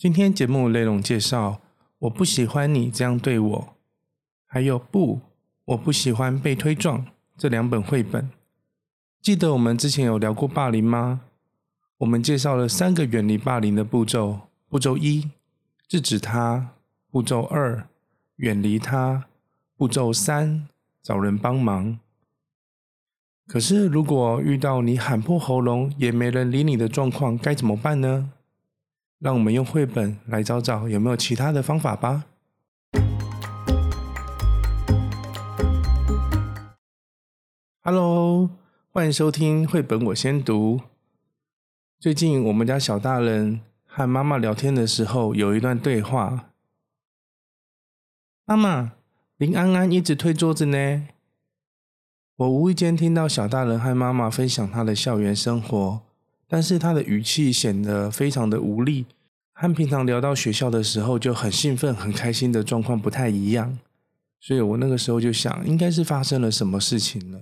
今天節目內容介紹：我不喜歡你這樣對我，還有不，我不喜歡被推撞。這兩本繪本，記得我們之前有聊過霸凌嗎？我們介紹了三個遠離霸凌的步驟：步驟一，制止他；步驟二，遠離他；步驟三，找人幫忙。可是，如果遇到你喊破喉嚨也沒人理你的狀況，該怎麼辦呢？讓我們用繪本來找找有沒有其他的方法吧。Hello，歡迎收聽繪本我先讀。最近我們家小大人和媽媽聊天的時候有一段對話。媽媽，林安安一直推桌子呢？我無意間聽到小大人和媽媽分享他的校園生活。但是他的語氣顯得非常的無力，和平常聊到學校的時候就很興奮、很開心的狀況不太一樣，所以我那個時候就想，應該是發生了什麼事情了。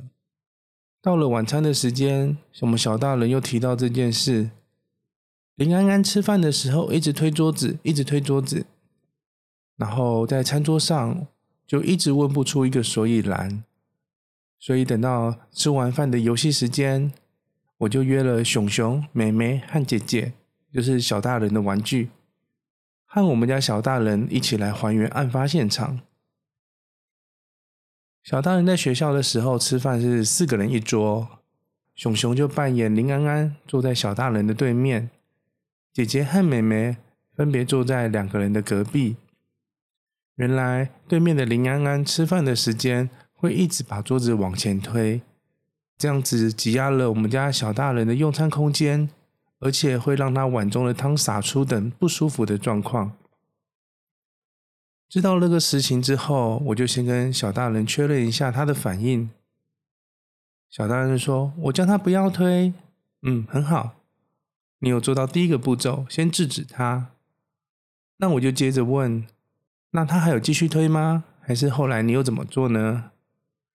到了晚餐的時間，我們小大人又提到這件事。林安安吃飯的時候一直推桌子，一直推桌子，然後在餐桌上就一直問不出一個所以然，所以等到吃完飯的遊戲時間。我就約了熊熊、妹妹和姐姐，就是小大人的玩具，和我們家小大人一起來還原案發現場。小大人在學校的時候吃飯是四個人一桌，熊熊就扮演林安安，坐在小大人的對面，姐姐和妹妹分別坐在兩個人的隔壁。原來對面的林安安吃飯的時間會一直把桌子往前推。這樣子擠壓了我們家小大人的用餐空間，而且會讓他碗中的湯灑出等不舒服的狀況。知道那個事情之後，我就先跟小大人確認一下他的反應。小大人說：“我叫他不要推。”嗯，很好，你有做到第一個步驟，先制止他。那我就接着問，那他還有繼續推嗎？還是後來你又怎麼做呢？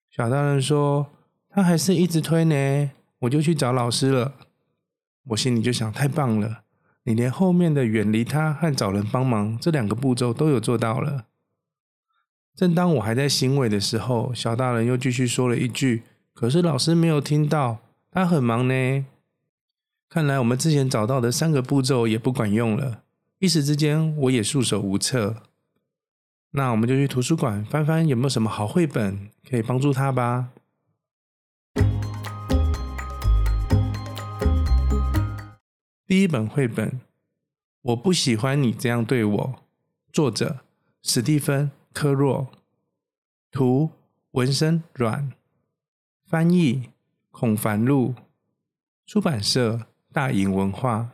小大人說，他還是一直推呢，我就去找老師了。我心裡就想，太棒了，你連後面的遠離他和找人幫忙這兩個步驟都有做到了。正當我還在欣慰的時候，小大人又繼續說了一句：“可是老師沒有聽到，他很忙呢。”看來我們之前找到的三個步驟也不管用了。一時之間，我也束手無策。那我們就去圖書館翻翻有沒有什麼好繪本可以幫助他吧。第一本繪本，我不喜歡你這樣對我。作者：史蒂芬·科洛，圖：文身軟，翻譯：孔凡露，出版社：大穎文化。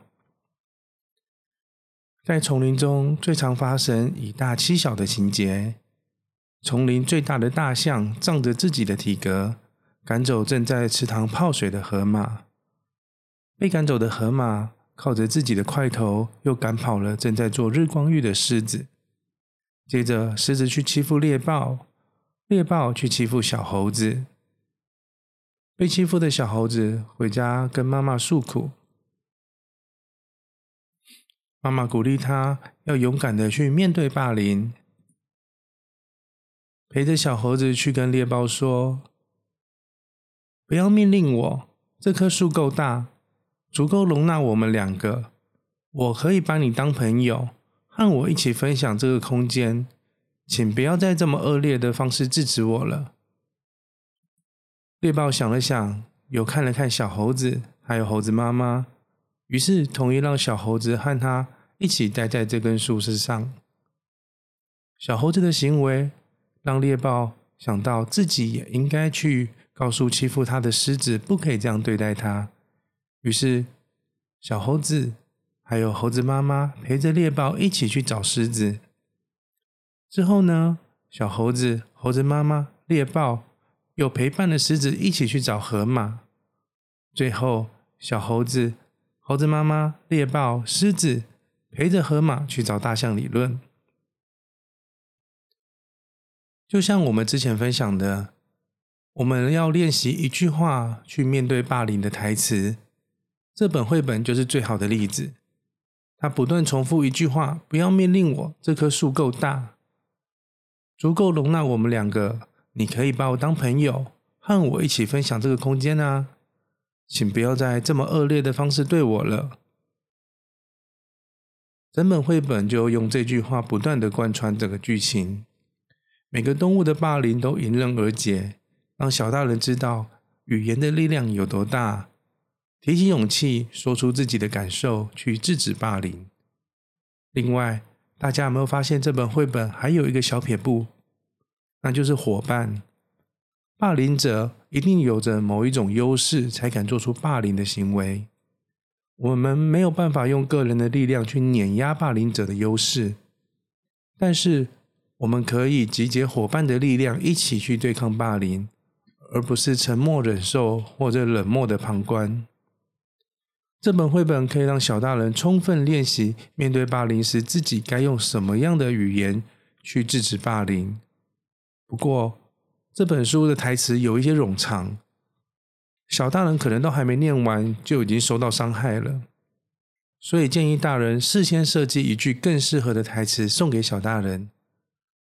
在叢林中，最常發生以大欺小的情節。叢林最大的大象仗着自己的體格，趕走正在池塘泡水的河馬。被趕走的河馬，靠着自己的塊頭，又趕跑了正在做日光浴的獅子。接着，獅子去欺負獵豹，獵豹去欺負小猴子。被欺負的小猴子回家跟媽媽訴苦，媽媽鼓勵他要勇敢的去面對霸凌，陪着小猴子去跟獵豹說：“不要命令我，這棵樹夠大。”足夠容納我們兩個，我可以把你當朋友，和我一起分享這個空間。請不要再這麼惡劣的方式制止我了。獵豹想了想，又看了看小猴子，還有猴子媽媽，於是同意讓小猴子和他一起待在這根樹枝上。小猴子的行為讓獵豹想到自己也應該去告訴欺負他的獅子，不可以這樣對待他。於是，小猴子還有猴子媽媽陪着獵豹一起去找獅子。之後呢，小猴子、猴子媽媽、獵豹又陪伴著獅子一起去找河馬。最後，小猴子、猴子媽媽、獵豹、獅子陪着河馬去找大象理論。就像我們之前分享的，我們要練習一句話去面對霸凌的台詞。這本繪本就是最好的例子。它不斷重複一句話：“不要命令我，這棵樹夠大，足夠容納我們兩個。你可以把我當朋友，和我一起分享這個空間啊！請不要再這麼惡劣的方式對我了。”整本繪本就用這句話不斷的貫穿整個劇情，每個動物的霸凌都迎刃而解，讓小大人知道語言的力量有多大。提起勇氣，說出自己的感受，去制止霸凌。另外，大家有沒有發現這本繪本還有一個小撇步？那就是伙伴。霸凌者一定有着某一種優勢，才敢做出霸凌的行為。我們沒有辦法用個人的力量去碾壓霸凌者的優勢，但是我們可以集結伙伴的力量，一起去對抗霸凌，而不是沉默忍受或者冷漠的旁觀。這本繪本可以讓小大人充分練習面對霸凌時，自己該用什麼樣的語言去制止霸凌。不過，這本書的台詞有一些冗長，小大人可能都還沒唸完就已經受到傷害了，所以建議大人事先設計一句更適合的台詞送給小大人。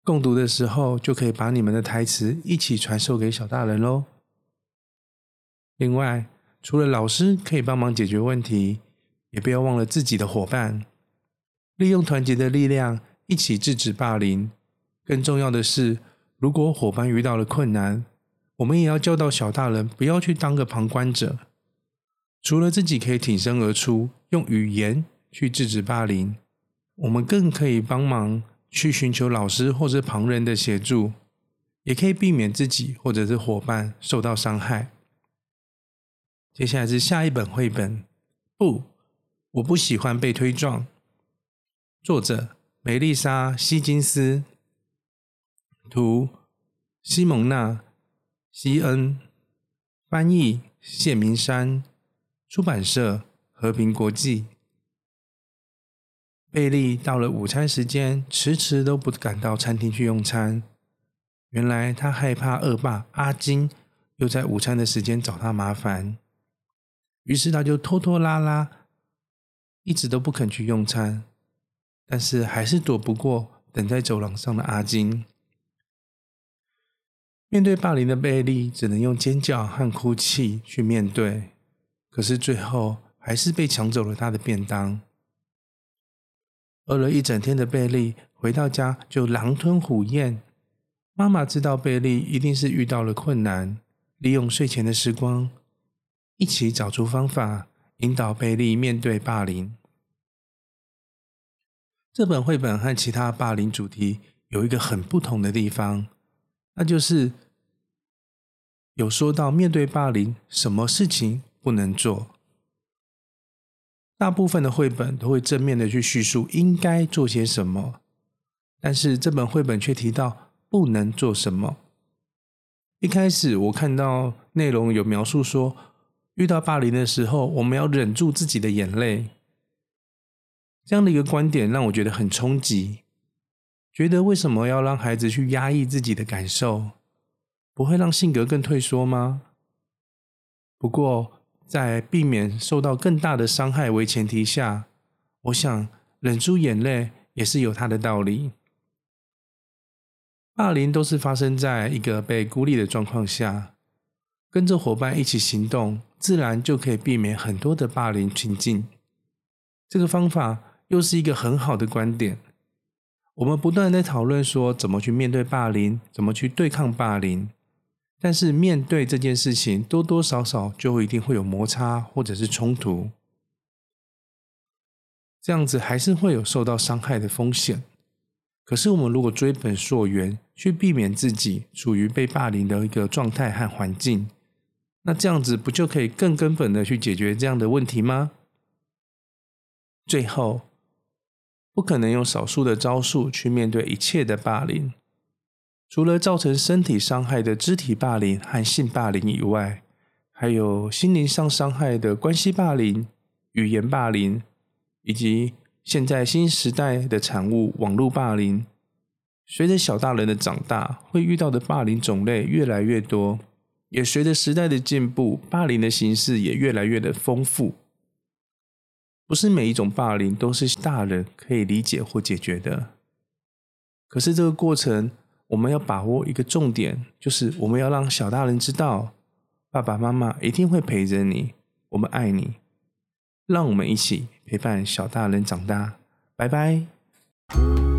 共讀的時候就可以把你們的台詞一起傳授給小大人嘍。另外。除了老師可以幫忙解決問題，也不要忘了自己的夥伴，利用團結的力量一起制止霸凌。更重要的是，如果夥伴遇到了困難，我們也要教導小大人不要去當個旁觀者。除了自己可以挺身而出，用語言去制止霸凌，我們更可以幫忙去尋求老師或者旁人的協助，也可以避免自己或者是夥伴受到傷害。接下來是下一本繪本，不，我不喜歡被推撞。作者：梅麗莎·希金斯，圖：西蒙娜·西恩，翻譯：謝明山，出版社：和平國際。貝利到了午餐時間，遲遲都不敢到餐廳去用餐。原來他害怕惡霸阿金又在午餐的時間找他麻煩。於是他就拖拖拉拉，一直都不肯去用餐，但是還是躲不過等在走廊上的阿金。面對霸凌的貝利，只能用尖叫和哭泣去面對，可是最後還是被搶走了他的便當。餓了一整天的貝利回到家就狼吞虎嚥。媽媽知道貝利一定是遇到了困難，利用睡前的時光。一起找出方法，引導貝利面對霸凌。這本繪本和其他霸凌主題有一個很不同的地方，那就是有說到面對霸凌，什麼事情不能做。大部分的繪本都會正面的去敘述應該做些什麼，但是這本繪本卻提到不能做什麼。一開始我看到內容有描述說。遇到霸凌的時候，我們要忍住自己的眼淚。這樣的一個觀點讓我覺得很衝擊，覺得為什麼要讓孩子去壓抑自己的感受？不會讓性格更退縮嗎？不過，在避免受到更大的傷害為前提下，我想忍住眼淚也是有它的道理。霸凌都是發生在一個被孤立的狀況下。跟着夥伴一起行動，自然就可以避免很多的霸凌情境。這個方法又是一個很好的觀點。我們不斷地在討論說，怎麼去面對霸凌，怎麼去對抗霸凌。但是面對這件事情，多多少少就會一定會有摩擦或者是衝突，這樣子還是會有受到傷害的風險。可是我們如果追本溯源，去避免自己處於被霸凌的一個狀態和環境。那這樣子不就可以更根本的去解決這樣的問題嗎？最後，不可能用少數的招數去面對一切的霸凌。除了造成身體傷害的肢體霸凌和性霸凌以外，還有心靈上傷害的關係霸凌、語言霸凌，以及現在新時代的產物網絡霸凌。隨着小大人的長大，會遇到的霸凌種類越來越多。也隨着時代的進步，霸凌的形式也越來越的豐富。不是每一種霸凌都是大人可以理解或解決的。可是這個過程，我們要把握一個重點，就是我們要讓小大人知道，爸爸媽媽一定會陪着你，我們愛你。讓我們一起陪伴小大人長大。拜拜。